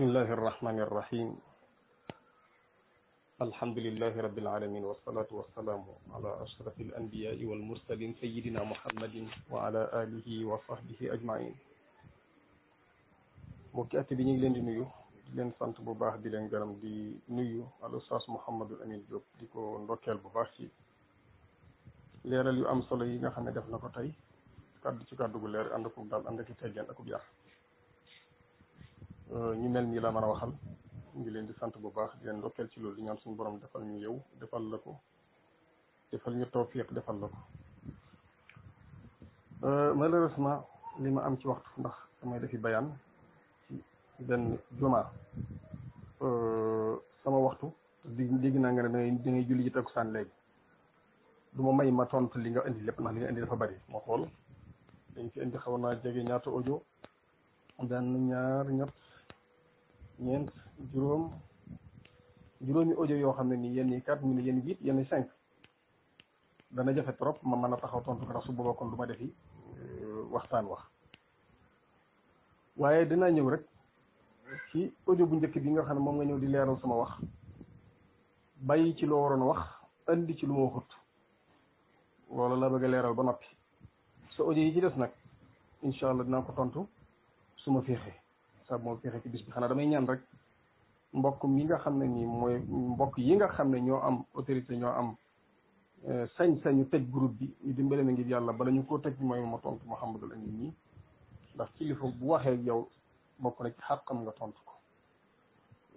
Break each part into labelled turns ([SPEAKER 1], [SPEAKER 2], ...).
[SPEAKER 1] بسم الله الرحمن الرحيم الحمد لله رب العالمين والصلاة والسلام على أشرف الأنبياء والمرسلين سيدنا محمد وعلى آله وصحبه أجمعين مكاتب نيلين دي leen di nuyu leen sant bu baax di leen gërëm di nuyu al oustaz Mouhamadou Amine Diop di ko ndokkeel bu baax ci leeral yu am solo yi nga xam ne def na ko tey kàddu ci kàddu gu leer ànd akub daal ànd ak i teggeen akub yar Euh, ñu mel ni la mëna waxal ngi leen di sant bu baax di leen ndokkeel ci loolu ñaan suñu borom defal ñu yow defal la ko defal ñu tawfiq defal la ko euh, malheureusement li ma am ci waxtu ndax damay defi bayan ci benn juma euh, sama waxtu di na nga ne da ngay julli ji takkusaan léegi du ma may ma tontu li nga indi lepp ndax li nga indi dafa bari ma xol dañ ci indi xawna jégué ñaata audio daan ñaar ñott ñent juroom juroomi audio yoo xam ne nii yenn yi quatre mille yenn huit yenn cinq dana jafe trop ma mën a taxaw tontu ndax su boobaa kon du ma defi euh, waxtaan wax waaye dina ñëw rek ci audio bu njëkk bi nga xam ne moom nga ñëw di leeral sama wax bàyyi ci loo waroon wax andi ci lu ma waxut loola la bëgg a leeral ba noppi sa audio yi ci des nag incha allah dinaa ko tontu su ma féexee sa moo fexe ci bis bi xanaa damay ñaan rek mbokk mi nga xam ne nii mooy mbokk yi nga xam ne ñoo am autorité ñoo am euh, sañ-sañu tëj groupe bi ñu dimbale na ngir yàlla bala ñu ko tëj mooy ma tontu Mouhamadul Amin nii ndax kilifa bu waxee yow bokk na ci xàqam nga tontu ko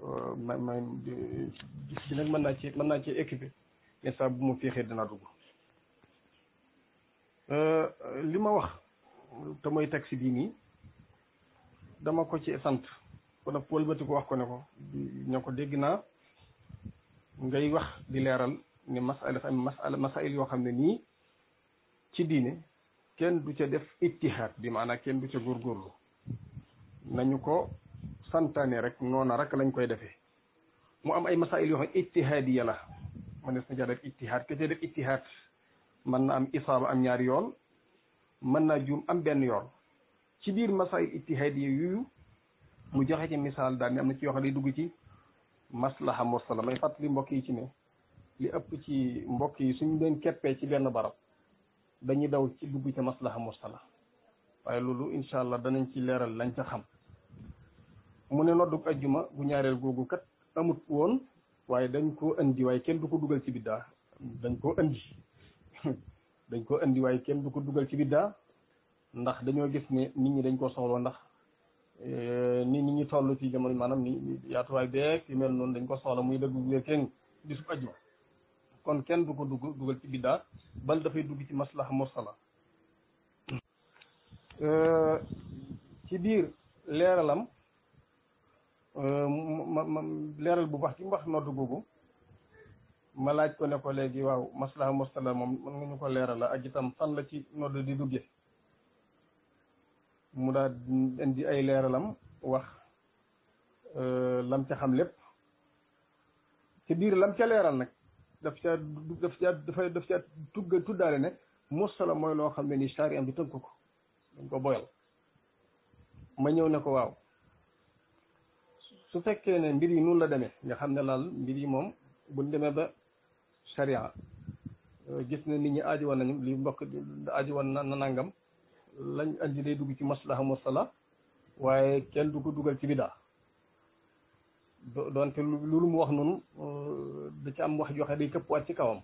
[SPEAKER 1] euh, ma ma gis gi nag mën naa ci mën naa ci équipé mais bu ma féexee dina dugg euh, li ma wax te mooy taxi bii nii dama ko ci sant kon nag wëlbati ko wax ko ne ko ne ko dégg naa ngay wax di leeral ne masala dafa am masala masail yoo xam ne nii ci diine kenn du ca def ittihaad bi maanaam kenn du ca góorgóorlu nañu ko santaane rek noona rek lañ koy defee mu am ay masail yoo xam ne ittihaadiya la man des na ca def ittihaad ke ca def ittihaad mën na am isaaba am ñaari yoon mën naa juum am benn yoon ci biir masail ijtihaadiya yooyu mu joxe ci misaal daal ne am na ci yoo xam ne dugg ci maslaha mursala may fàttali mbokk yi ci ne li ëpp ci mbokk yi suñ doon keppee ci benn barab dañuy daw ci dugg ci maslaha mursala waaye loolu incha allah danañ ci leeral lañ ca xam mu ne nodduk ajjuma bu ñaareel googu kat amut woon waaye dañ koo indi waaye kenn du ko dugal ci biddaa dañ koo indi dañ koo indi waaye kenn du ko dugal ci biddaa ndax dañoo gis ni nit ñi dañ ko soxla ndax eh, ni nit ñi toll ci jamono maanaam ni yaatuwaay beeg yu mel noonu dañ ko soxla muy dëgg wér kenn bisub ajjuma kon kenn du ko dugg dugal ci biddaa bal dafay dugg ci maslaha mursala eh, ci biir leeralam eh, ma leeral bu baax ci wax noddu googu ma laaj ko ne ko léegi waaw maslaha mursala moom mën nga ñu ko leerala ak itam fan la ci nodd di dugge mu daal indi ay leeralam wax euh, lam ca xam lépp ci biir lam ca leeral nag daf caa daf caa dafay daf caa tugga tuddaale ne mursala mooy loo xam ne ni saari am bi tënk ko dañ ko boyal ma ñëw ne ko waaw su fekkee ne mbir yi noonu la demee nga xam ne laal mbir yi moom buñ demee ba charia gis ne nit ñi aaji woon nañu li mbokk aaji woon na nangam lañ andi day dugg ci maslaha musala waaye kenn du ko dugal ci biddaa doonte loolu mu wax noonu euh, da ca am wax joxe day këppwaat ci kawam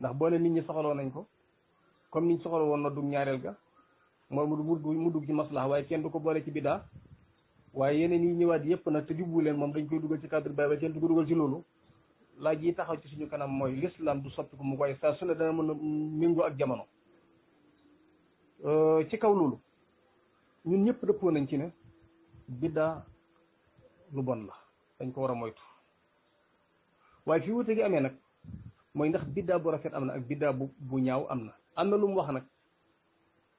[SPEAKER 1] ndax boo ne nit ñi soxaloo nañ ko comme niñ soxal woon na dug ñaareel ga mooy mu dugg ci maslaha waaye kenn du ko boole ci biddaa waaye yeneen yi ñëwaat yëpp na te jubbu leen moom dañ koy dugal ci cadre bay ba kenn du ko dugal ci loolu laaj yi taxaw ci suñu kanam mooy l'islam du soppi ko mu koy saa su ne mën a méngoo ak jamono Euh, ci kaw loolu ñun ñëpp dëppoo nañ ci ne biddaa lu bon la dañ ko war a moytu waaye fi wute gi amee nag mooy ndax biddaa bu rafet am na ak biddaa bu ñaaw am na am na lu mu wax nag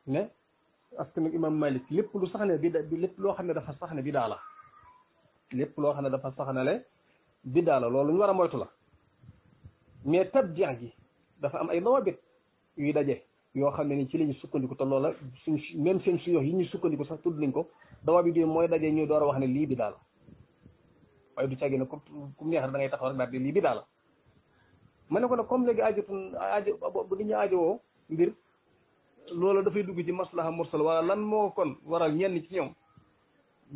[SPEAKER 1] ne askan wi imam malik lépp lu sax ne biddaa bi lépp loo xam ne dafa sax ne biddaa la lépp loo xam ne dafa sax ne le biddaa la loolu ñu war a moytu la mais tabjix gi dafa am ay dawaabit yuy daje yoo xam ne ni ci la ñu sukkandiku te loola suñ même seen su yox yi ñuy sukkandiku sax tudd nañ ko dawaa bi dee mooy dajee ñu door a wax ne lii bi daal waaye du caagi ne ku ku neex da taxaw rek daal di lii bi daal ma ne ko nag comme léegi aajatun aajo bu ñu aajowoo mbir loola dafay dugg ci maslaha mursal wala lan moo kon waral ñenn ci ñoom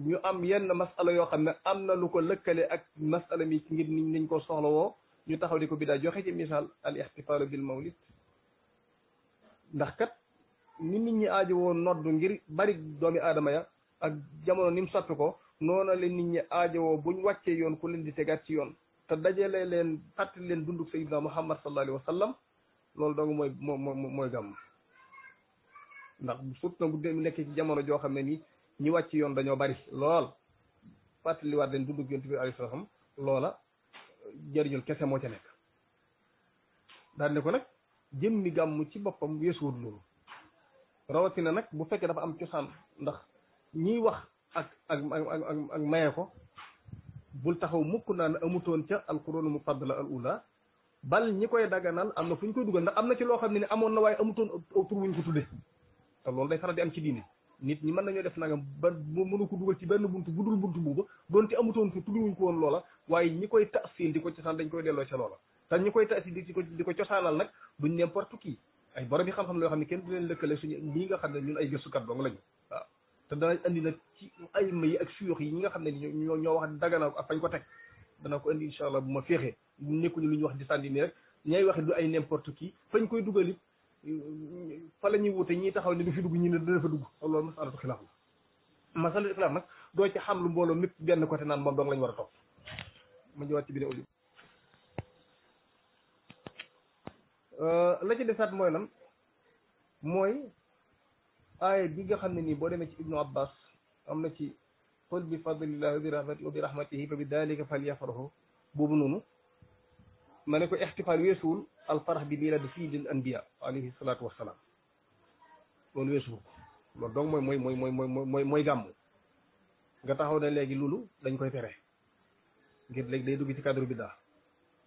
[SPEAKER 1] ñu am yenn masala yoo xam ne am na lu ko lëkkale ak masala mi ngir niñ nañ ko woo ñu taxaw di ko bi daal joxe ci misaal al ixtifaalu bil mawlid ndax kat ni nit ñi aajo woon noddu ngir bari doomi adama ya ak jamono ni mu soppi ko noona leen nit ñi bu ñu wàccee yoon ku leen di tegaat ci yoon te dajale leen fàttali leen dundug sayyidina muhammad sallallahu alayhi wa sallam loolu dong mooy moo mooy gàmm ndax surtout nag bu nekk ci jamono joo xam ne nii ñi wàcc yoon dañoo bari lool fàttaliwaat leen dundug yonent bi alayhi salaam loola jëriñul kese moo ca nekk daan ko nag jëmmi gàmm ci boppam weesuwut loolu rawatina nag bu fekkee dafa am cosaan ndax ñiy wax ak ak ak ak maye ko bul taxaw mukk naan amutoon ca alquranu mufaddala al ula bal ñi koy daganal am na fu ñu koy dugal ndax am na ci loo xam ne ni amoon na waaye amutoon tur wuñ ko tudde te loolu day faral di am ci diine nit ñi mën nañoo def nangam ba mënu ko dugal ci benn bunt bu buntu budul buntu booba doonte amutoon tur tudduwuñ ko woon loola waaye ñi koy tafsil di ko cosaan dañ koy delloo ca loola te ñi koy taasi di ko di ko cosaanal nag duñ n'importe qui ay borom yi xam-xam loo xam ne kenn du leen lëkkale suñu ñi nga xam ne ñun ay gëstukat dong lañu waaw te danañ andi nag ci ay ak suyux yi ñi nga xam ne ñoo ñoo wax dagana ak ko teg dana ko indi incha allah bu ma féexee nekkuñu lu ñuy wax di sànni nii rek ñay wax du ay n'importe qui fañ koy dugal it fa la ñuy wute ñi taxaw ne du fi dugg ñu ne dana fa dugg loolu masalatu xilaaf la masalatu xilaaf nag doo ci xam lu mbooloo mépp benn ko côté naan moom dong lañ war a topp ma ñëwaat ci biir audio Euh, la ci desaat mooy lan mooy aaya bi nga xam ne nii boo demee ci ibnu abbas am na ci qul bi fadlillahi bi rahmati wa bi rahmatihi fa bi dalika falyafrahu boobu noonu ma ne ko ixtifaal weesuwul alfarax bi miilaadi sayyidil anbiya alayhi salaatu wassalaam loolu weesuwul loolu donc mooy mooy mooy mooy mooy mooy gàmmu nga taxaw ne léegi loolu dañ koy tere ngir léegi day dugg ci cadre bi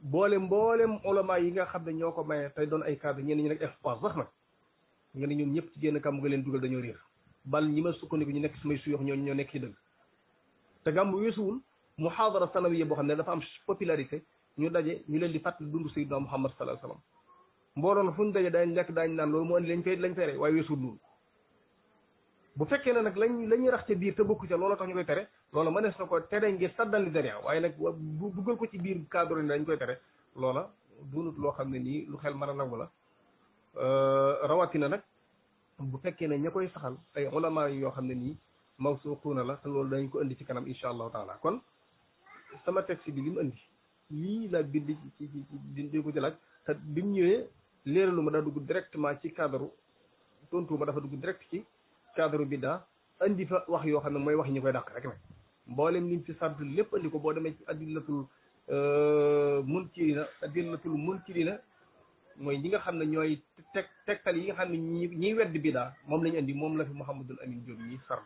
[SPEAKER 1] boole mboolem ulama yi nga xam ne ñoo ko may tey doon ay cadre ñenn ñi nag expense sax nag nga ne ñoom ñëpp ci génn kàmm nga leen dugal dañoo réer bal ñi ma sukkandiku ñu nekk sumay suyox ñoo ñoo nekk ci dëgg te gàmm weesuwul muhaadara sanawiya boo xam ne dafa am popularité ñu daje ñu leen di fàttali dund sayyidina Muhammad sallallahu alayhi wasallam mbooloon fu ñu daje daañ lekk daañ naan loolu moo andi lañ fay lañ fay rey waaye weesuwul loolu bu fekkee ne nag lañ la ñuy rax ca biir te bokku ca loola tax ñu koy tere loola mënees na ko tere ngir saddal li dara waaye nag bu duggal ko ci biir cadre dañ koy tere loola doonut loo xam ne nii lu xel mën a nangu la euh, rawatina nag bu fekkee ne ña koy saxal ay ulama yoo xam ne nii mawsuquuna la te loolu dañ ko indi ci kanam incha allahu taala kon sama texte bi li mu indi lii laa bind ci ci di ko ci laaj te bi mu ñëwee leeralu ma daa dugg directement ci cadre tontu ma dafa dugg direct ci cadre bidda andi fa wax yo xamne moy wax ñi koy dàq rek nag mbolem lim ci sant lépp andi ko boo demee ci adillatul euh munkirina adillatul munkirina moy ñi nga xamne ñoy ñooy teg yi nga xamne ne ñi ñiy wedd bidda mom lañ andi mom la fi muhammadul Amin jom ñi sard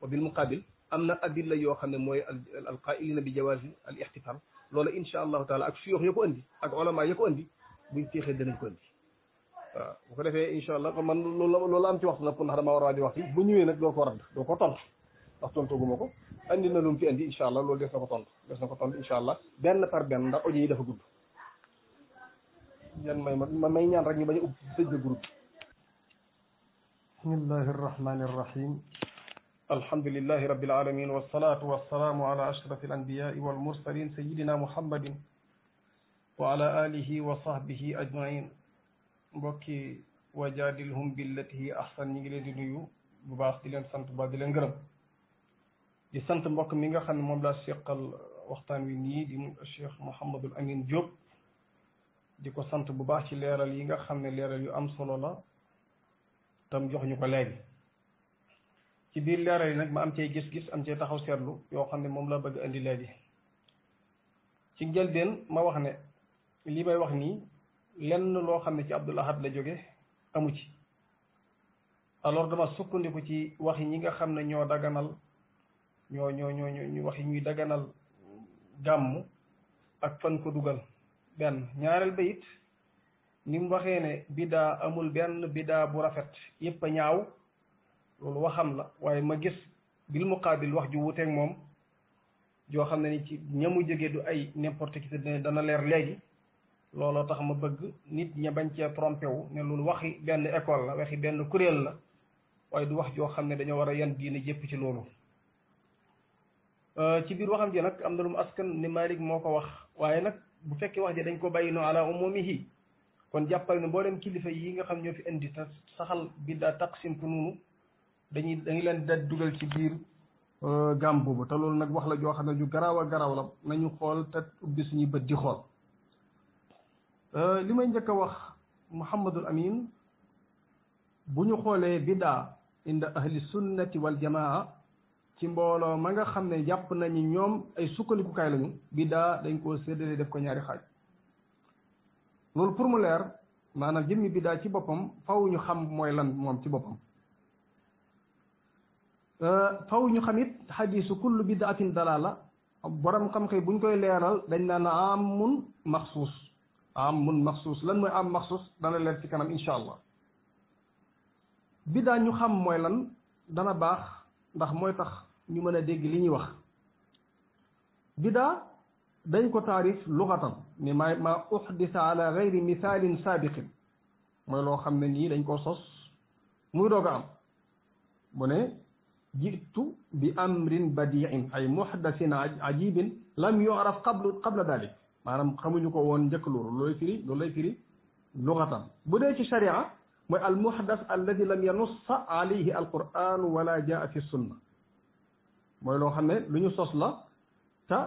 [SPEAKER 1] wa bil muqabil amna adilla yo xamne moy al qa'ilina bi jawaz al ihtifal loolu incha allahu taala ak suyoox ya ko andi ak ulama ya andi buñ féexee dañ ko andi waaw bu ko defee incha allah kon man loolu la am ci waxtu nag kon ndax dama war a di waxtu bu ñëwee nag doo ko war a doo ko tontu ndax tontu gu ma ko andi na lu mu fi andi incha allah loolu des na ko tontu des na ko tontu incha allah benn par benn ndax audio yi dafa gudd. yan may ma may ñaan rek ñu bañ a ubbi tëj la groupe. bismillahi arrahmani arrahim. alhamdulillahi rabbil alamin wassalatu wassalamu ala ashraf al anbiyai wal mursalin sayidina muhammadin wa ala alihi wa sahbihi ajmain mbokki wajaadilhum billati ahsan ñi ngi leen di nuyu bu baax di leen sant ba di leen gërëm di sant mbokk mi nga xam ne moom laa seqal waxtaan wi nii di mu Cheikh Mouhamadul Amine Diop di ko sant bu baax ci leeral yi nga xam ne leeral yu am solo la tam jox ñu ko léegi ci biir leeral yi nag ma am cee gis-gis am cee taxaw seetlu yoo xam ne moom laa bëgg indi léegi ci njëlbeen ma wax ne li may wax nii lenn loo xam ne ci Abdul Ahad la jóge amu ci alors dama sukkandiku ci wax yi ñi nga xam ne ñoo daganal ñoo ñoo ñoo ñu wax yi ñuy daganal gàmm ak fan ko dugal benn ñaareel ba it waxee ne bidaa amul benn biddaa bu rafet yépp a ñaaw loolu xam la waaye ma gis bil muqaabil wax ju wuteeg moom joo xam ne ni ci ñamu jóge du ay n'importe qui dana leer léegi lolo tax ma bëgg nit ña bañ cee trompé wu ne loolu waxi benn école la waxi benn kuréel la waaye du wax joo xam ne dañoo war a yan diine jëpp ci loolu euh, ci biir waxam ji nag am na lu mu askan ni Malik moo ko wax waaye nag bu fekkee wax ji dañ ko bàyyi ala umumihi kon jàppal ne mboolem kilifa yi nga xam ñoo fi indi ta saxal da taqsim ku noonu dañuy dañu leen da dugal ci biir euh, gambo ba te loolu nag wax la joo xam ne ju garaaw a nañu xool te ubbi suñuy bët di xool Euh, li may njëkk a wax Mouhamadul Amin bu ñu xoolee biddaa indi ahli sunnati wal jamaa ci mbooloo ma nga xam ne jàpp nañu ñoom ay sukkandikukaay lañu biddaa dañ koo séddale def ko ñaari xaaj loolu pour mu leer maanaam jëmmi biddaa ci boppam faw ñu xam mooy lan moom ci boppam euh, faw ñu xam it xadiisu kullu bidaatin dalaala borom xam-xam buñ koy leeral dañ naan amun maxsuus amun maxsuus lan moy am maxsuus dana leer ci kanam incha allah bidaa ñu xam moy lan dana bax ndax moy tax ñu mëna dégg li ñi wax bida dañ ko tarif lughatan ni ma ma uhdisa ala ghayri misalin sabiq moy lo xamne ni dañ ko sos muy doog a am mu ne jitu bi amrin badiin ay muhdathin ajibin lam yu'raf qabl qabl dalik manam xamuñu ko won njëkk loolu loy firi loolu lay firi luxatan bu de ci sharia moy al muhdath alladhi lam yanuss alayhi al quran wala jaa fi sunna moy lo xamne luñu sos la ta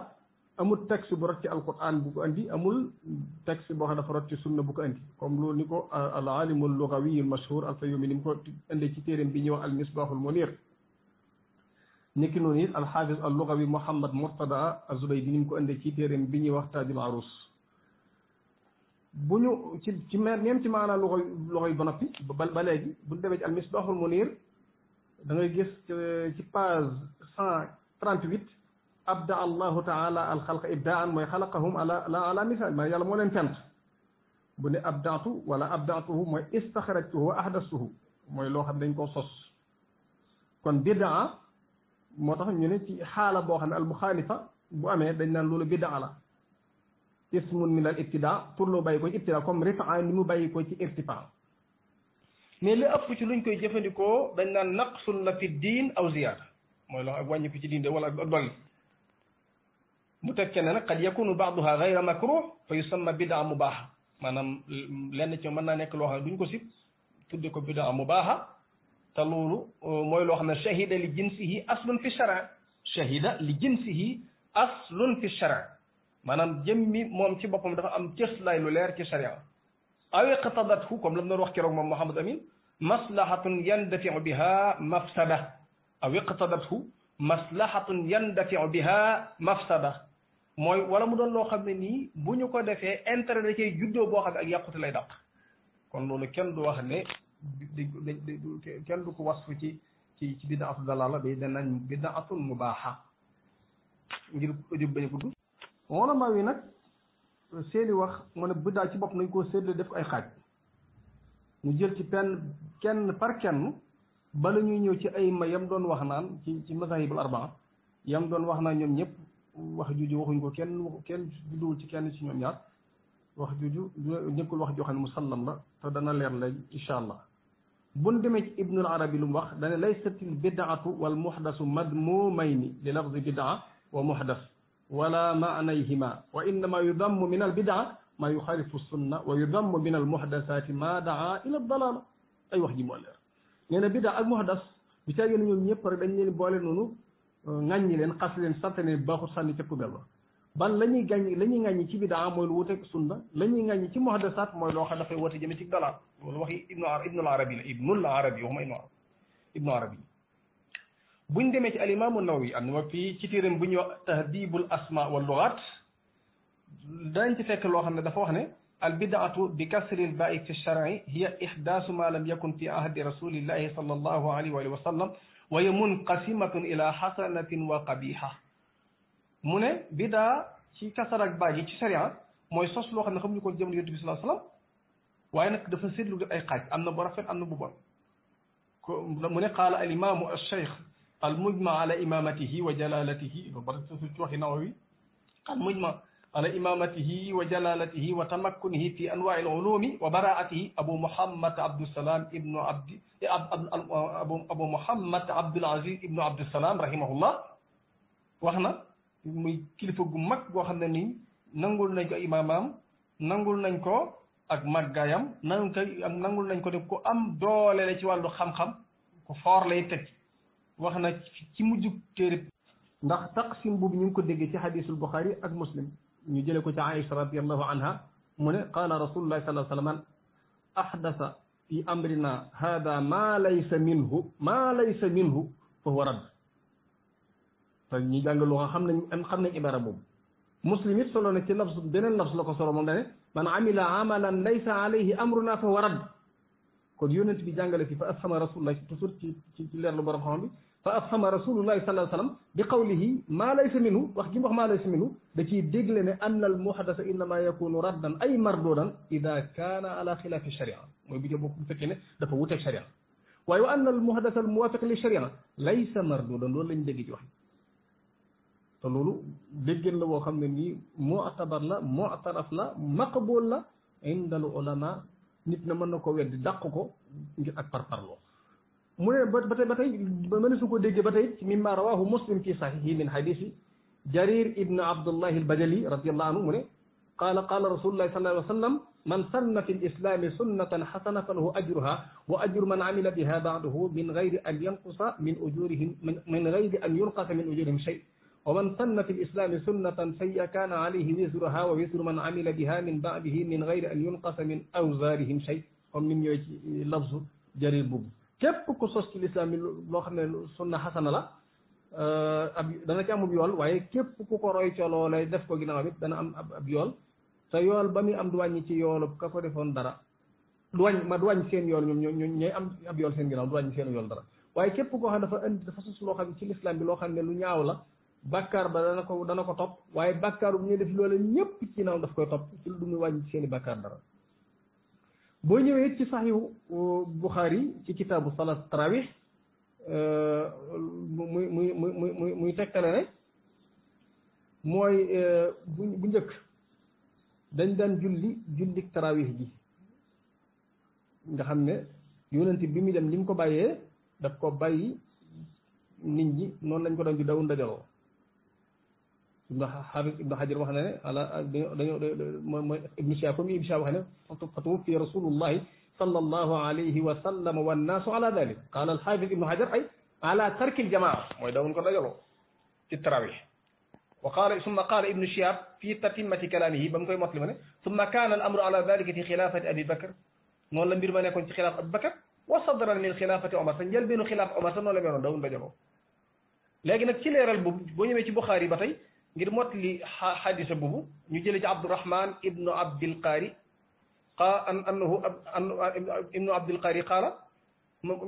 [SPEAKER 1] amul texte bu rot ci qur'an bu ko andi amul texte bo xam dafa rot ci sunna bu ko andi comme lo niko al alim al lughawi al mashhur al fayumi ni ko indi ci terem bi ñuy wax al misbahul munir نيكي نونيت الحافظ اللغوي محمد مرتضى الزبيدي نيم كو اندي سي تيرم بي ني وقت دي معروف بو نيو سي ميم سي معنى لغوي لغوي بنوبي بل بلغي بو ديبي المصباح المنير دا نغي غيس سي باج 138 ابدا الله تعالى الخلق ابداعا ما خلقهم على لا على مثال ما يلا مولين فنت بني ابدعت ولا ابدعته ما استخرجته واحدثه موي لو خا دنجو سوس كون بدعه moo tax ñu ne ci xaala boo xam ne al muxaalifa bu amee dañ naan loolu bidaa la ismun min al ibtida pour loo bàyyi ko ci ibtida comme rifaa ni mu bàyyi ko ci irtifa mais li ëpp ci luñ koy jëfandikoo dañ naan naqsun la fi diin aw ziyaada mooy loo ak wàññiku ci diin de wala ak dolli mu teg ne nag qad yakunu baaduha gayra makruh fa yusamma bidaa mubaaha maanaam lenn ci mën naa nekk loo xam ne duñ ko sib tudde ko bidaa mubaaha te loolu mooy loo xam ne shahida li jinsihi aslun fi shara shahida li jinsihi aslun fi shara maanaam jëmmi moom ci boppam dafa am cëslaay lu leer ci sharia aw iqtadathu comme lam doon wax keroog moom Mouhamad Amin maslahatun yandafiu biha mafsada aw iqtadathu maslahatun yandafiu biha mafsada mooy wala mu doon loo xam ne nii bu ñu ko defee intérêt da cay juddoo boo xam ne ak yàqute lay dàq kon loolu kenn du wax ne dañ kenn du ko wasfu ci ci ci bidda atul dalala bi danañ bidda atul mubaaxa ngir jub bañ gudd wala maa wi nag seeni wax mu ne biddaa ci bopp nañ koo séddale def ko ay xaaj mu jël ci penn kenn par kenn bala ñuy ñëw ci ay ma yam doon wax naan ci ci masahibul arbaa yam doon wax naan ñoom ñëpp wax juju waxuñ ko kenn waxu ci kenn ci ñoom ñaar wax juju ñëkkul wax joo xam ne musallam la te dana leer léegi incha allah بون ديمي ابن العربي لوم واخ ليست البدعه والمحدث مذمومين للفظ بدعه ومحدث ولا معنيهما وانما يضم من البدعه ما يخالف السنه ويضم من المحدثات ما دعا الى الضلال اي واخ دي مولر نينا بدعه اك محدث بيتاغي نيو نيب ري دا نين بولي نونو غاني لين خاص لين ساتني باخو ساني تي كوبلو ban lañuy ñuy lañuy la ci bida moy lu wuteeg sunna lañuy ñuy ci muhaddasat moy lo xam fay wote jëm ci dalaat loolu waxi ibnu ibnu arabi ibnu ibnul arabi waxuma ibnu ibnu arabi buñ démé ci al imam an nawawi am na ma fii ci téeram buñ wax tahdibul asma wal lughat dañ ci fekk lo xam dafa wax ne al bid'atu bi kasri al ba'i fi shar'i hiya ihdaasu ma lam yakun fi ahdi rasulillahi sallallahu alayhi wa sallam wa hiya munqasimatun ila hasanatin wa qabihah mu ne bidaa ci kasar ak baaji ci sariya mooy sos loo xam ne xamuñu ko jamono yonent bi sallallahu alayhi wasallam waaye nag dafa seetlu def ay xaaj am na bu rafet am na bu bon ko mu ne qaala al imaamu al cheikh al mujma ala imamatihi wa jalalatihi ba pare su ci waxi nawawi al mujma على إمامته وجلالته وتمكنه في أنواع العلوم وبراءته أبو محمد عبد السلام ابن عبد أبو أبو محمد عبد العزيز ابن عبد السلام رحمه الله وهنا muy kilifa gu mag goo xam ne nii nangul nañ ko imaamam nangul nañ ko ak màggaayam nang ko nangul nañ ko ne ku am doole la ci wàllu xam-xam ku foor lay teg wax na ci mujjug téere ndax taqsim boobu ñu ngi ko déggee ci hadisul buxaari ak muslim ñu jële ko ci aïcha radiallahu anha mu ne qaala rasulullahi sallallahu alayhi wa sallam ahdasa fi amrina hada ma laysa minhu ma laysa minhu fa huwa radd te ñi jàng lu xam nañ xam nañ ibara boobu muslim it solo na ci nafs beneen nafs la ko solo moom dane man amila amalan laysa alayhi amruna fa warad kon yonent bi jàngale fi fa afhama rasulullah toujours ci ci leer lu borom xam bi fa afhama rasulullah sallallahu alayhi wasallam bi qawlihi ma laysa minhu wax gi mu wax ma laysa minhu da ciy dégle ne anna al muhaddasa innama yakunu raddan ay mardudan ida kaana ala xilaafi sharia mooy bu jëbo bu fekkee ne dafa wuteeg sharia waaye wa anna al muhaddasa al muwafiq li sharia laysa mardudan loolu lañ dégg ci wax te loolu déggéen la boo xam ne nii mu'tabar la mu'taraf la maqbul la indal ulama nit na mën na ko weddi dàq ko ngir ak parparloo mu ne ba tey ba tey mën na su ko déggee ba tey mimma rawahu muslim fi sahihi min hadisi jarir ibn abdullahi albajali radiallahu anhu mu ne qala qala rasulullah sallallahu alayhi wa sallam man sanna fi lislami sunnatan xasana falahu ajruha wa ajru man amila biha ba'dahu min gayri an yanqusa min ujurihim min gayri an yunqasa min ujurihim shay ومن سن في الإسلام سنة سيئة كان عليه وزرها ووزر من عمل بها من بعده من غير أن ينقص من أوزارهم شيء comme من ñëwee ci lafzu jarir boobu képp ku sos ci lislaam bi loo xam ne sunna xasana la ab dana ci amub yool waaye képp ku ko roy ca loolee def ko ginnaaw it dana am ab ab yool te yool ba muy am du سين ci yoolub ka ko defoon dara du wàññi ma xam dafa dafa ci l'islam bi lo xam ne lu ñaaw la bàkkaar ba dana ko dana ko topp waaye bàkkaar bu ñu def loola ñëpp ci naaw daf koy topp ci lu du muy wàññi seeni bàkkaar dara boo ñëwee ci saxihu Buxaari ci kitaabu salaat tarawih euh, muy muy muy muy muy tekkale ne mooy euh, bu bu njëkk dañ daan julli julli tarawih ji nga xam ne yonent bi muy dem ni mu ko bàyyee daf ko bàyyi nit ñi noonu lañ ko doon di daw ndajaloo ibnu xaafis ibnu xajar wax na ne ala dañoo mooy ibnu comme ibnu wax ne fi rasulullahi صلى الله عليه وسلم والناس على ذلك قال الحافظ ابن حجر أي على ترك الجماعة ويدون كرجلو في التراويح وقال ثم قال ابن الشهاب في تتمة كلامه بمكوي مسلم ثم كان الأمر على ذلك في خلافة أبي بكر نون لم بيرمان يكون في خلافة أبي بكر وصدرا من خلافة عمر فنجل بين خلاف عمر نون لم يرون دون بجلو لكن كي ليرال بو نيمي سي بخاري باتاي ngir motli hadith bubu ñu jël ci ibn abdul qari qa an annahu ibn abdul qari qala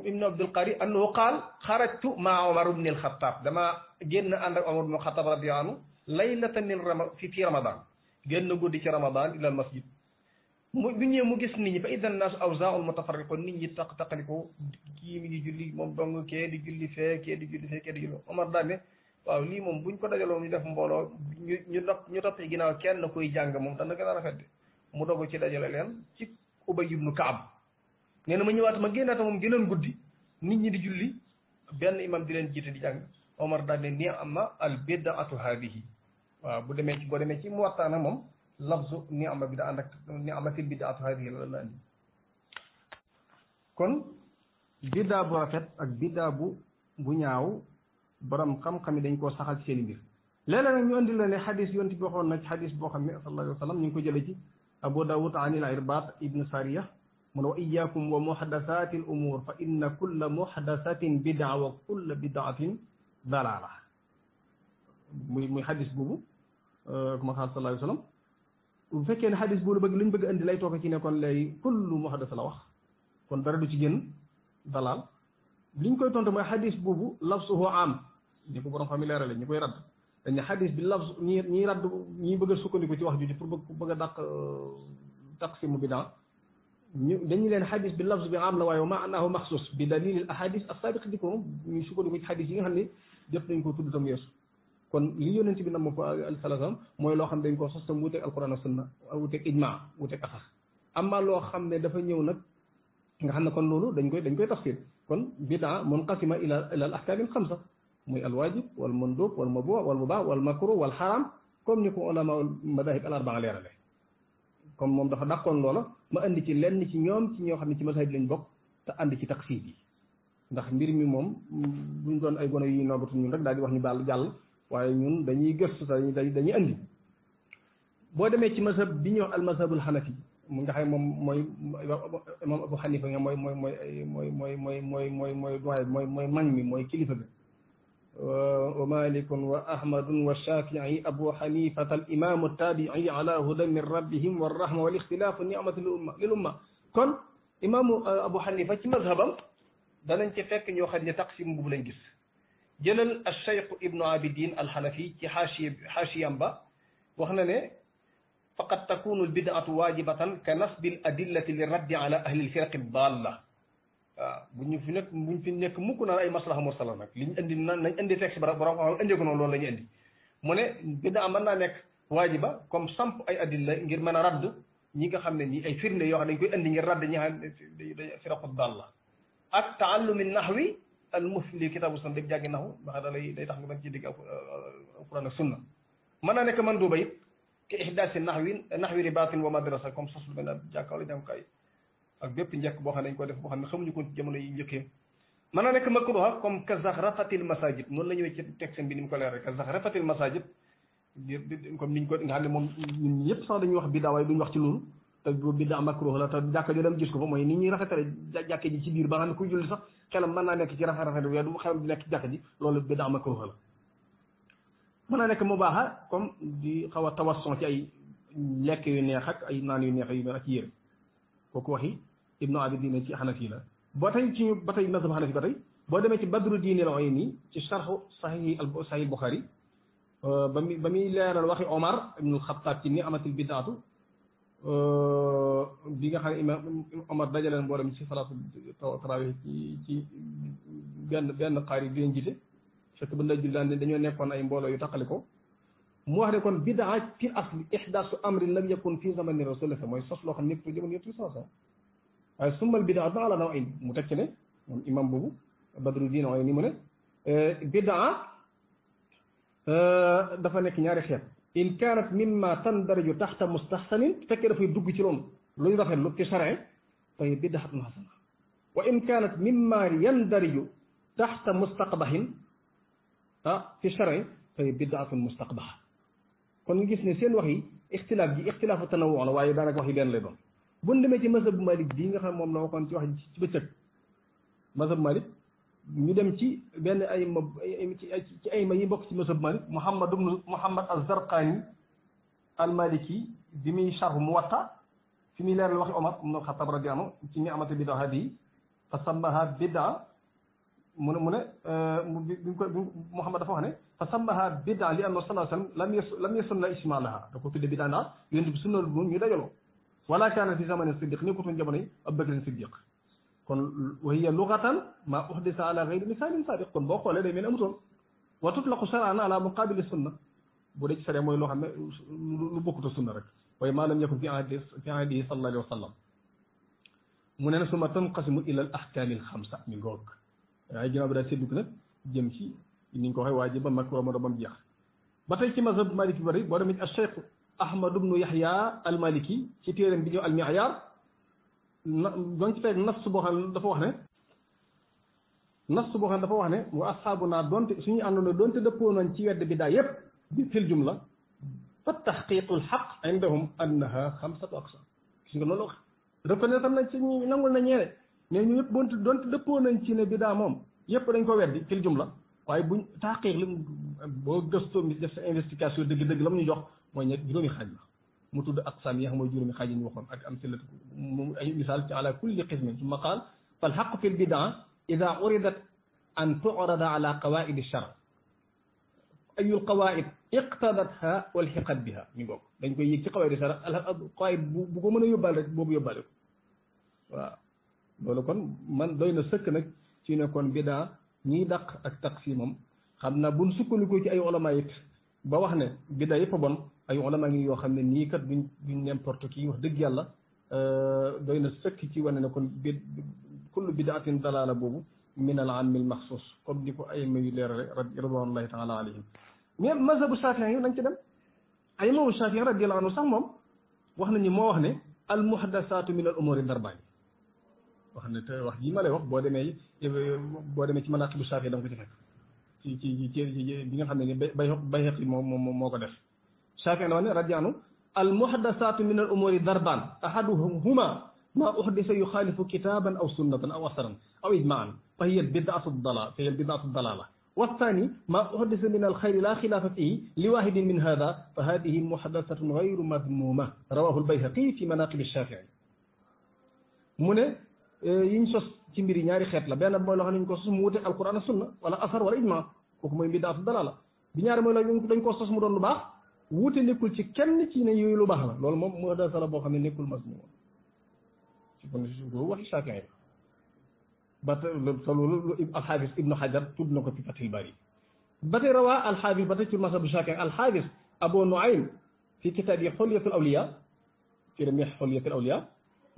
[SPEAKER 1] ibn abdul qari annahu qala kharajtu ma umar ibn al khattab dama génn ànd ak umar ibn alxataab radiallahu anhu laylata min rama fi fi ramadan génn guddi ci ramadan ila al masjid bu ñëwee mu gis nit ñi fa idan nas naasu al mutafarriqun nit ñi taq taqaliko kii mi ngi julli mom dong ke di julli fe ke di julli fe ke di julli umar dame waaw lii moom buñ ko dajaloon ñu def mbooloo ñu ñu topp ñu topp ci ginnaaw kenn koy jàng moom dana gën a rafet mu dogu ci dajale leen ci Ubay ibnu Kaab nee na ma ñëwaat ma génnaata moom gënoon guddi nit ñi di julli benn imam di leen jiite di jàng Omar daal ne ni am na al bidaatu haadihi waaw bu demee ci boo ci mu waxtaan ak moom lafzu ni am bi da ànd ak ni amatil bidaatu haadihi la la andi kon biddaa bu rafet ak biddaa bu bu ñaaw borom xam-xam dañ ko saxal ci seen bir leeg nak ñu andi la ne xadis yonent bi waxoon na ci xadis boo xam sallallahu alayhi wasallam ñu ko jële ci abu dawud an il irbat ibn sariya mun wa iyyakum wa muhdathati al umur fa inna kull muhdathatin bid'a wa kull bid'atin dalala muy muy hadith boobu ku kuma xal sallallahu alayhi wasallam sallam bu fekkee ne xadis boobu bëgg li ñu bëgg andi lay toog ci ne kon lay kullu muhdath la wax kon dara du ci génn dalal liñ koy tontu mooy xadis boobu lafsuhu am ni ko borom xam yi leerale ñi koy radd dañ ne bi lafsu ñi ñiy radd ñi bëgg a sukkandiku ci wax ju ci pour bëgg a dàq euh, taqsimu bidaa ñu dañu leen xadis bi lafs bi am la waaye ma annahu maxsus bi dalil al ahadis as-sabiq dikrum ñu sukkandiku nga xam ne jot nañ ko tudd tam yeesu kon li yonent bi namm ko alsalasam mooy loo xam dañ ko sos tam wuteeg alquran ak sunna wuteeg ijma wuteeg asax amma loo xam ne dafa ñëw nag nga xam ne kon loolu dañ koy dañ koy tafsir كن بدعة منقسمة إلى إلى الأحكام الخمسة من الواجب والمندوب والمبوع والمباح والمكروه والحرام كم يكون علماء المذاهب الأربعة ليرة له كم من دخل دقن لولا ما عندي كي لين كي يوم كي يوم خمسة مذاهب لين بق تعندي كي تقسيدي ndax mbir mi mom buñ doon ay gono yi nobatu ñun rek daal di wax ni ball jall waye ñun dañuy gëss dañuy dañuy andi bo démé ci mazhab bi ñu al mazhabul mu nga xam ne moom mooy imam abu xanifa nga mooy mooy mooy mooy mooy mooy mooy mooy doyen mooy mooy mag mi mooy kilifa bi wa malikun wa ahmadun wa shafii abu xanifata al imamu tabii ala huda min rabbihim wa rahma wal ixtilaafu nicmatu lil umma lil umma kon imaamu abu xanifa ci mazhabam danañ ci fekk ñoo xam ne taqsim boobu lañ gis jëlal al cheikh ibnu abidin al xanafi ci xaashiya xaashiyam ba wax na ne فقد تكون البدعة واجبة كنسب الأدلة للرد على أهل الفرق الضالة waaw bu ñu fi nekk bu ñu fi nekk mukk naan ay maslaha mursala nag li ñu indi naan nañ indi texte ba borom xam indi ko noonu loolu la ñu indi mu ne bidaa mën naa nekk waajiba comme samp ay adilla ngir mën a radd ñi nga xam ne nii ay firnde yoo xam ne dañ koy indi ngir radd ñi nga xam ne firaqu daal la ak taallumi nahwi al mufli kitaabu sunna dégg jàngi naxu ndax da lay day tax nga mën ci dégg alquran ak sunna mën naa nekk man duuba it كإحداث النحو نحو رباط ومدرسة كم سوس من الجاك أولي دم كاي أكبر بين جاك بوهان إنكو دف بوهان نخمن يكون جمعنا يجيكه ما أنا نك مكروه كم كزخرفة المساجد نقول لي يوجد تكسن بيني مكالمة كزخرفة المساجد كم من كود نحن من يبصر لي يوح بدعاء بين وقت لون تبدو بدعاء مكروه لا تبدو جاك جلهم جسكو فما ينيني رخت جاك جي جي كوجلسا كلام ما نك جرافة رخت ويا دو خام بنا كجاك جي لول بدعاء مكروه لا mën na nekk mubaaxa comme di xaw a tawasson ci ay lekk yu neex ak ay naan yu neex yu ak yére kooku waxi ibnu abi diine ci xanafi la boo tey ci ba tey mazhab xanafi ba tey boo demee ci badru diine la nii ci sarxu sahih al sahih bukhari ba mi ba muy leeral waxi omar ibnul xataab ci ni amatil bidaatu bi nga xam ne imam omar dajaleen mboolem ci salatu tarawih ci ci benn benn xaar yi di leen jiite fekk ba najul daan ne dañoo nekkoon ay mbooloo yu taqali ko mu wax ne kon bidaa fi asli ihdaasu amrin lam yakun fi zamani rasulillah mooy sos loo xam nekk jamono yëpp sos waaye summal bidaa ba ala naw in mu teg ci ne moom imam boobu badru diin waaye ni mu ne bidaa dafa nekk ñaari xeet in kaanat mimma tandaraju taxta mustahsanin fekkee dafay dugg ci loolu luñ rafetlu ci sare fay bidaatun hasana wa in kaanat mimma yandaraju taxta mustaqbahin ah fi charin fay bidaatun mustaqbaha kon nga gis ne seen wax yi ixtilaaf ji ixtilaafu tanawoo la waaye daanaka wax yi benn lay doon buñ demee ci mazhab malik bii nga xam moom la waxoon ci wax ci bëccëg mazhab malik ñu dem ci benn ay ma ci ay ma yi bokk ci mazhab malik muhammad ibnu muhammad az-zarqani al-maliki bi muy sharh muwatta fi muy leeral waxi omar ibnu xatab radiyallahu anhu ci ni amata bidaa hadi fa sammaha bidaa mu ne mu ne bi ñu koy Muhammad dafa wax ne fa sammaha bid'a li anna sallallahu alayhi wasallam lam yasun lam yasunna ismaalaha da ko tudde bid'a ndax yonent bi sunna bu ñu dajaloo wala kaana fi zamani siddiq nekkutoon jamonoy Abubakar siddiq kon wa hiya lughatan ma uhdisa ala ghayri misalin sabiq kon boo xoolee day mel amutoon wa tutlaqu shar'an ala muqabili sunna bu dee ci sare mooy loo xam ne lu bokkut sunna rek waaye maa lam yakun fi ahdi fi ahdi sallallahu alayhi wa sallam mu ne na suma tanqasimu ila al ahkami al xamsa mi ngoog waaye ginnaaw bi daal séddu ko nag jëm ci ni ñu ko waxee waa ji ba mag ramadan ba mu jeex ba tey ci mazhab maliki bari boo demee al cheikh ahmad ibnu yahya al maliki ci téeréem bi ñëw al mi'yar na doon ci teg nas boo xam ne dafa wax ne nas boo xam ne dafa wax ne waa asxaabu naa doonte suñu àndoona doonte dëppoo nañ ci wedd bi daa yépp bi fil jumla fa taxqiqul xaq indahum annaha xamsatu aqsam gis nga loolu wax reconnaître nañ ci ñi nangul na ñeene mais ñu yëpp bontu donte dëppoo nañ ci ne bidaa moom yëpp dañ ko weddi fil jumla waaye buñ taaqiq li bo gëstoo mi def sa investigation dëgg-dëgg lam ñu jox mooy ñet juróomi xaj la mu tudd aqsaam yi nga mooy juróomi xaj ñu waxoon ak am si ay misal ci ala kulli qismin summa qaal fal xaqu fil bida ida uridat an tuurada ala qawaid char ayu lqawaid iqtadatha walxiqat biha ñu ngoog dañ koy yëg ci qawaid char al qawaid bu ko mën a yóbbaale rek boobu yóbbaale ko lolu kon man doyna seuk nak ci ne kon bida ñi dàq ak taqsimam xamna naa buñ sukkandikoo ci ay ulama yi ba wax ne bida yëpp bon ay ulama ngi yo xamne ni kat buñ n'importe kii wax deug yàlla euh doyna seuk ci wone ne kon bi kullu bid'atin dalala boobu min al ammi al maxsuus comme ni ko ay mayu leerale ridwanullahi taala alayhim ñe mazhabu shafii yi nañ ci dem ay mo shafii radiyallahu anhu sax mom wax nañu mo wax ne al muhdasaatu min al umuri darbani wax ne te wax ji ma lay wax boo demee boo demee ci manaq bu saafee da nga ko ci fekk ci ci ci bi nga xam ne ni bay bay xeq moo moo moo ko def saafee na wax ne radianu al muhdasaatu min al umuri darban ahaduhuma ما أحدث يخالف كتابا أو سنة أو أثرا أو إجماعا فهي البدعة الضلال فهي البدعة الضلالة والثاني ما أحدث من الخير لا خلاف فيه لواحد من هذا فهذه محدثة غير مذمومة رواه البيهقي في مناقب الشافعي من yiñ sos ci mbir yi ñaari xeet la benn mooy loo xam ne ñu ko sos mu wute alquran sunna wala asar wala ijma kooku mooy mbidaatu dala la bi ñaari mooy loo dañ ko sos mu doon lu baax wute nekkul ci kenn ci ne yooyu lu baax la loolu moom mu dasa la boo xam ne nekkul mas mu ci kon wax sa kay ba ta te loolu alxaafis ibnu ibn tudd tud nako ci fatil bari ba tey rawaa alxaafis ba ta ci masabu Shaafi'i alxaafis abu nuaym fi kitab xulyatul awliya ci remi xulyatul awliya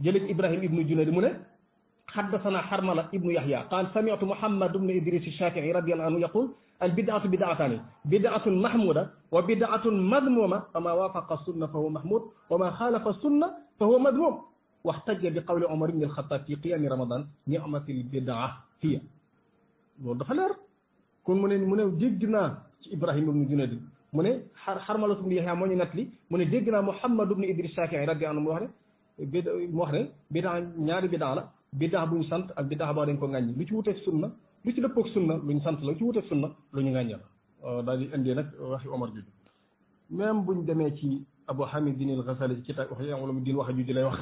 [SPEAKER 1] jeul ibrahim ibn junayd mu ne حدثنا حرملة ابن يحيى قال سمعت محمد بن إدريس الشافعي رضي الله عنه يقول البدعة بدعتان بدعة محمودة وبدعة مذمومة فما وافق السنة فهو محمود وما خالف السنة فهو مذموم واحتج بقول عمر بن الخطاب في قيام رمضان نعمة البدعة هي loolu فلر كون من من ne إبراهيم بن dégg من حرملة Ibrahima يحيى من نتلي من xar محمد بن إدريس الشافعي رضي الله عنه بدعة dégg بدعة biddaa bu ñu sant ak biddaa baa dañ ko ŋàññi lu ci wuteeg sunna lu ci dëppoog sunna lu ñu sant la lu ci wuteeg sunna lu ñu ŋàññi la euh, daal di indee nag waxi Omar jooju bu ñu demee ci Abu Hamid Din al-Ghazali ci ta wax yawlum din wax jooju lay wax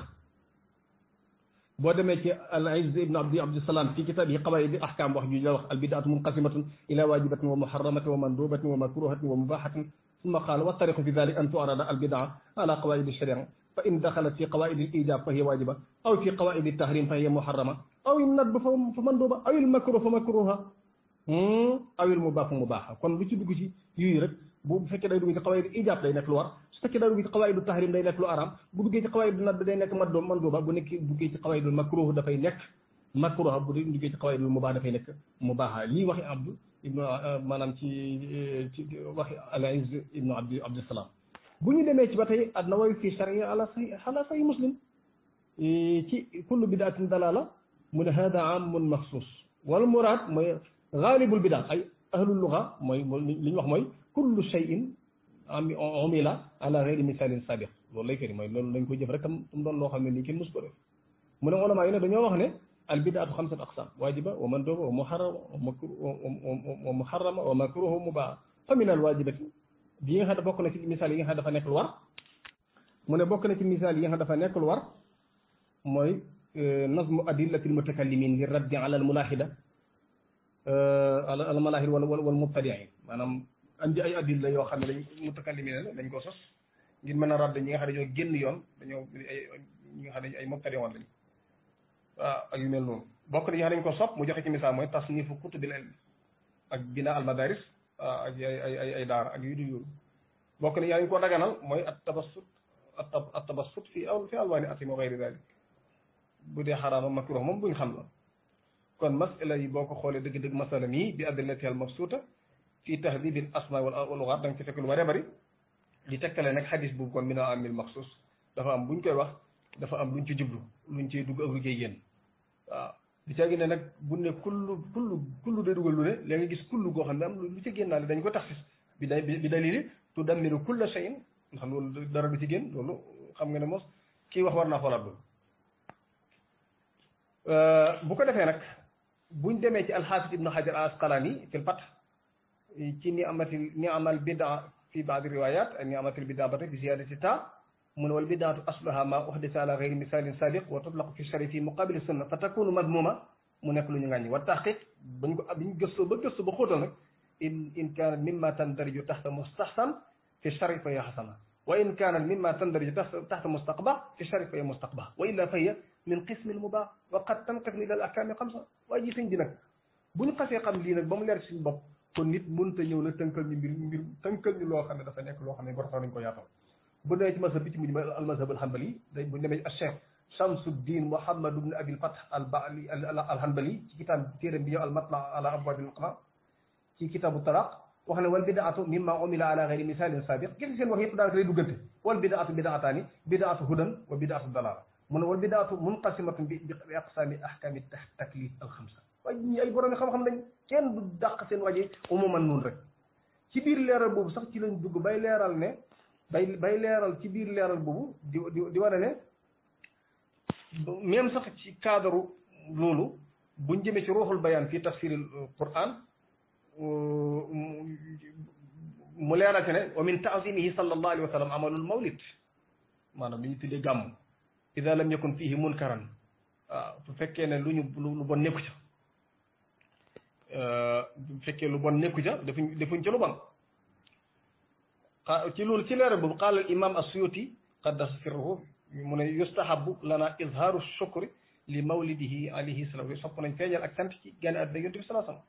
[SPEAKER 1] boo demee ci al-Izz ibn Abdi Abdusalaam fii kitaab yi xabaay bi ahkaam wax jooju lay wax al-bidaatu munqasimatun ila waajibatin wa muharramatin wa mandubatin wa makruhatin wa mubaahatin summa qaala wa tariqu fi dalik an tuarada al bidaa ala qawaidi فإن دخلت في قواعد الإيجاب فهي واجبة أو في قواعد التحريم فهي محرمة أو الندب فمندوبة أو المكروه فمكروها أو المباح مباحة kon lu ci dugg ci yooyu rek bu fekkee day dugg ci xawaayid ijaab day nekk lu war su fekkee day dugg ci xawaayidu tahrim day nekk lu araam bu duggee ci xawaayidu nadd day nekk maddoom manduuba bu nekk duggee ci xawaayidu makruh dafay nekk makruha bu duggee ci xawaayidu mubaax dafay nekk mubaaxa lii waxi abdu ibnu maanaam ci ci waxi al Izz ibnu abdi abdusalaam bu ñu demee ci ba tey ad nawawi fi sharia ala sahih ala sahih muslim ci kullu bidaatin dalala mu ne hada amun maxsus wal muraad mooy gaalibul bidaa ay ahlul luga mooy li ñu wax mooy kullu cheyin ami umila ala gayri misalin sabiq loolu lay firi mooy loolu lañ koy jëf rek tam tam doon loo xam ne nii kenn mus ko def mu ne ulama yi ne dañoo wax ne al bidaatu xamsat aqsam waajiba wa manduba wa muharrama wa makruha wa muharrama wa makruhu mubaa fa min al waajibati bi nga xam ne bokk na ci misaal yi nga xam ne dafa nekk lu war mu ne bokk na ci misaal yi nga xam ne dafa nekk lu war mooy nazmu adillatil mutakallimin li raddi ala al mulahida al malahid wala wal mubtadiin maanaam andi ay adilla yoo xam ne dañ mutakallimin la dañ ko sos ngir mën a radd ñi nga xam ne dañoo génn yoon dañoo ay ñi nga xam ne ay mubtadi woon lañ waaw ak yu mel noonu bokk na ñi nga xam ne dañ ko sopp mu joxe ci misaal mooy tasnifu kutubil ilm ak bina al madaris ak ay ay ay daara ak yu dul yooyu bokk na yaa ngi ko daganal mooy at tabassut at tabassut fii aw fi alwaani ati moo xayri dalik bu dee xaraama makruh moom buñ xam la kon masala yi boo ko xoolee dëgg-dëgg masala mii bi adillati al mabsuuta fii tahdibi al asma wal lugaat da nga ci fekk lu bare bari di tegtale nag xadis bu kon mina amil maxsus dafa am buñ koy wax dafa am luñ ci jublu luñ ciy dugg ak lu ciy génn waaw di caagi ne nag bu ne kullu kullu kullu day dugal lu ne léegi nga gis kullu goo xam ne am lu ci génnaale dañ ko taxsis bi day bi dalili tu dammiru kulla shay'in ndax dara du ci génn loolu xam nga ne mos kii wax war na xoolaat loolu euh, bu ko defee nag buñ demee ci alxaafis ibnu xajar asqalani fil fath ci ni amati ni amal bida fi baadi riwayat ni amatil bida ba te bi ziyaadati ta من والبدعة أصلها ما أحدث على غير مثال سابق وتطلق في الشريف مقابل السنة فتكون مذمومة من كل نغاني والتحقيق بنجسو بنجسو بخوتنا إن إن كان مما تندرج تحت مستحسن في الشريف فهي حسنة وإن كان مما تندرج تحت مستقبع في الشريف فهي مستقبع وإلا فهي من قسم المباح وقد تنقل إلى الأحكام خمسة وأي فين دينك بن قسي بم لير سين باب كون تنكل ني مير تنكل ني لو خا دا فا نيك لو bu demee ci mazhab bi ci mujj mooy al mazhab al hanbali day bu demee al cheikh Shamsuddin Muhammad ibn Abi Fath al Baali al hanbali ci kitaab téeram bi ñëw al matla ala abwaab al qara ci kitaabu talaq wax ne wal bidaatu mimma umila ala gayri misalin sabiq gis seen wax yëpp daanaka lay duggante wal bidaatu bidaataani bidaatu hudan wa bidaatu dalaala mu ne wal bidaatu munqasimatun bi bi aqsaami ahkaami taklif al xamsa waaye ñi ay borom xam-xam lañ kenn du dàq seen waje umuman noonu rek ci biir leeral boobu sax ci lañ dugg bay leeral ne bay bay leeral ci biir leeral boobu di di di wane ne même sax ci cadre loolu buñ jëmee ci ruuxul bayaan fii tafsiril quran euh, mu leeral ci ne wa min taazimihi sallallahu alayhi wa sallam amalul mawlid maanaam li ñu tuddee gàmm ida lam yakun fihi munkaran waaw bu fekkee ne lu ñu lu bon nekku ca euh, bu fekkee lu bon nekku ca defuñ defuñ ca lu bon ci lool ci leer bu qala al imam asuyuti qaddas sirruhu mun yustahabu lana izharu shukri li mawlidihi alayhi salaam wa sopp nañ feeñal ak sant ci gane àddina yonent bi salaa sallam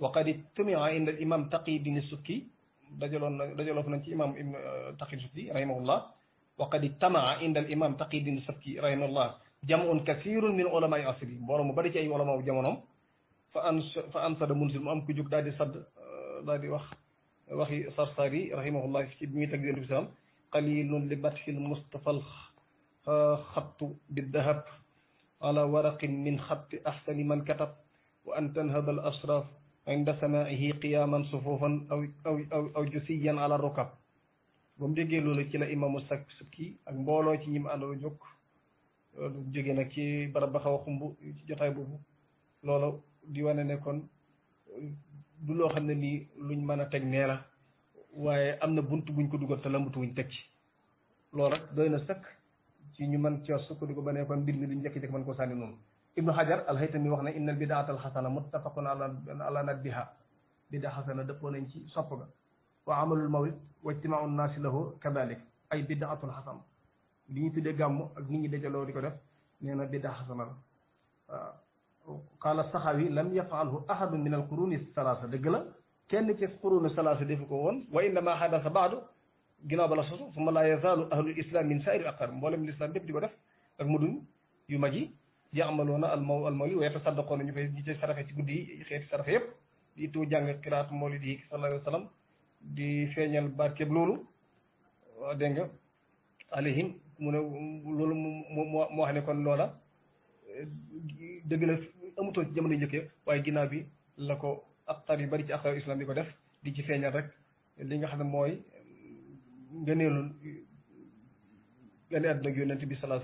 [SPEAKER 1] wa qad ittami'a inda al imam taqi bin sukki dajalon dajalof nañ ci imam ibn taqi sukki rahimahullah wa qad ittama'a inda al imam taqi bin sukki rahimahullah jamun kasirun min ulama'i asli borom bu bari ci ay ulama'u wu fa ansa fa ansa da munsil mu am ku juk dadi sad dadi wax وخي صرصري رحمه الله في ابن تقدير الوسام قليل لبرح المصطفى الخط بالذهب على ورق من خط أحسن من كتب وأن تنهض الأشراف عند سمائه قياما صفوفا أو, أو, أو, أو جثيا على الركب bam jege lolu ci la imam sakki ak mbolo ci ñim ando jokk lu jege nak ci barab ba xaw xumbu jotay bubu lolu di wane ne kon du loo xam ne nii luñ mën a teg nee la waaye am na bunt buñ ko dugal te lambatuwuñ teg ci loolu rek doy na sëkk ci ñu mën cee sukkandiku ba ne kon mbir mi duñ jëkki-jëkki mën koo sànni noonu ibnu xajar alxaytami wax ne innal bidaata alxasana muttafaqun ala naddiha bidaa xasana dëppoo nañ ci sopp ga wa amalul mawlid wa ijtimaau naasi lahu kadalik ay bidaatul xasana li ñu tuddee gàmm ak nit ñi dajaloo di ko def nee na bidaa xasana la waaw qaala saxawi lam yafaalhu ahadu min al quruni salaasa dëgg la kenn ci quruni salaasa defu ko woon wa innama hadasa baadu ginnaaw ba la sosu suma laa yazaalu ahlul islam min sairi aqar mboolem l'islam bépp di ko def ak mudun yu mag yi yaamaloona al maw al maw yi wa yatasaddaqoona ñu koy ñi ci sarafe ci guddi yi xeeti sarafe yëpp di itoo jàng kiraat mawlid yi sallallahu alayhi wa sallam di feeñal barkeb loolu dégg nga alayhim mu ne loolu moo moo wax ne kon loola dëgg la amutoon ci jamono njëkk waaye ginnaaw bi la ko aqtaar yu bari ci aqtaar islam di ko def di ci feeñal rek li nga xam ne mooy ngëneelu gane àdduna ak yonent bi salaa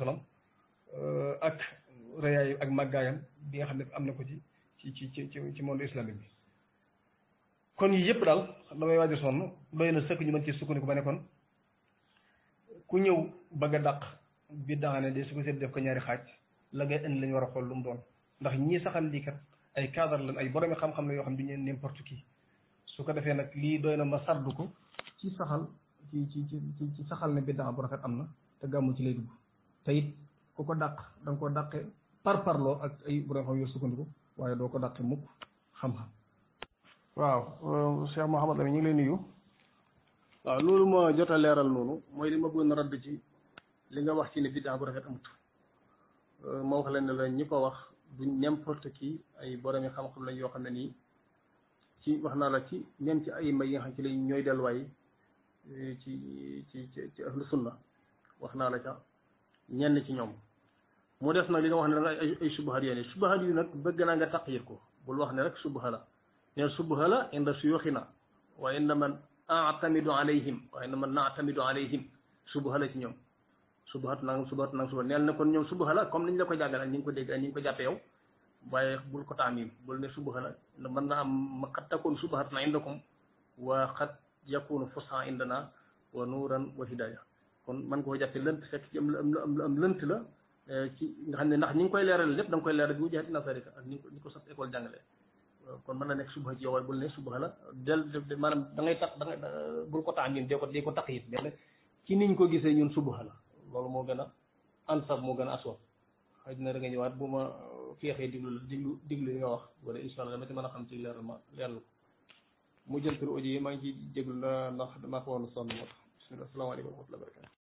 [SPEAKER 1] ak rëyaayu ak màggaayam bi nga xam ne am na ko ci ci ci ci ci monde islamique bi kon yii yëpp daal damay waaj a sonn na sëkk ñu mën ci sukkandiku ba ne kon ku ñëw bëgg daq dàq bi daane de su ko seet def ko ñaari xaaj la ngay indi lañ war a xool lu mu doon ndax ñii saxal lii kat ay cadre lañ ay boromi xam-xam la yoo xam du ñu n'importe qui su ko defee nag lii doy na ma sàddu ko saxal ci ci ci ci saxal ne biddaa bu rafet am na te gàmmu ci lay dugg te it ku ko dàq da ko dàqe par parloo ak ay boromi xam yoo sukkandiku waaye doo ko dàqe mukk xam-xam. waaw euh, Cheikh Mouhamed Lamine ñu ngi lay nuyu. waaw loolu ma jot a leeral noonu mooy li ma bëggoon a radd ci li nga wax ci ne biddaa bu rafet amut. Euh, ma wax leen la ñi ko wax du n'importe qui ay boromi xam-xam lañ yoo xam ne nii ci wax naa la ci même ci ay may yi xam ci lañ ñooy delluwaay euh, ci ci ci ahlu sunna wax naa la ca ñenn ci ñoom mu def nag li nga wax ne danga ay ay subahat yéene subahat yu nag bëgg naa nga taqyir ko bul wax ne rek subaha la neen subaha la inda suyuxina wa inda man atamidu alayhim wa inda man naatamidu alayhim subaha la ci ñoom subahat nangam subahat nangam suba neel na kon ñoom subaha la comme ni ñu la ko jàngal ak ni ñu ko dégg ak ni ñu ko jàppee yow waaye bul ko taamim bul ne subaha la mën na am ma xat takoon subahat na indakum waa xat yakunu fusan indana wa nuuran wa hidaya kon man koo jàppee lënt fekk am am am lënt la eh, ci nga xam ne ndax ñi ngi koy leeral lépp da nga koy leeral bi wu jeexit nasarika ak ni ñu ko sax école jàngale kon mën na nekk subaha ci yow waaye bul ne subaha la ngay tax da ngay bul ko taamim dee ko dee ko taq it ci niñ ko gisee ñun subaha la loolu moo gën a ansab moo gën a aswab xëy na da nga ñëwaat bu ma euh, feexee diglu diglu diglu li nga wax wala incha allah dama ci mën a xam ci leer ma leer mu jël turu audio yi maa ngi ciy déglu la ndax damaa ko woon sonn moo tax bismillah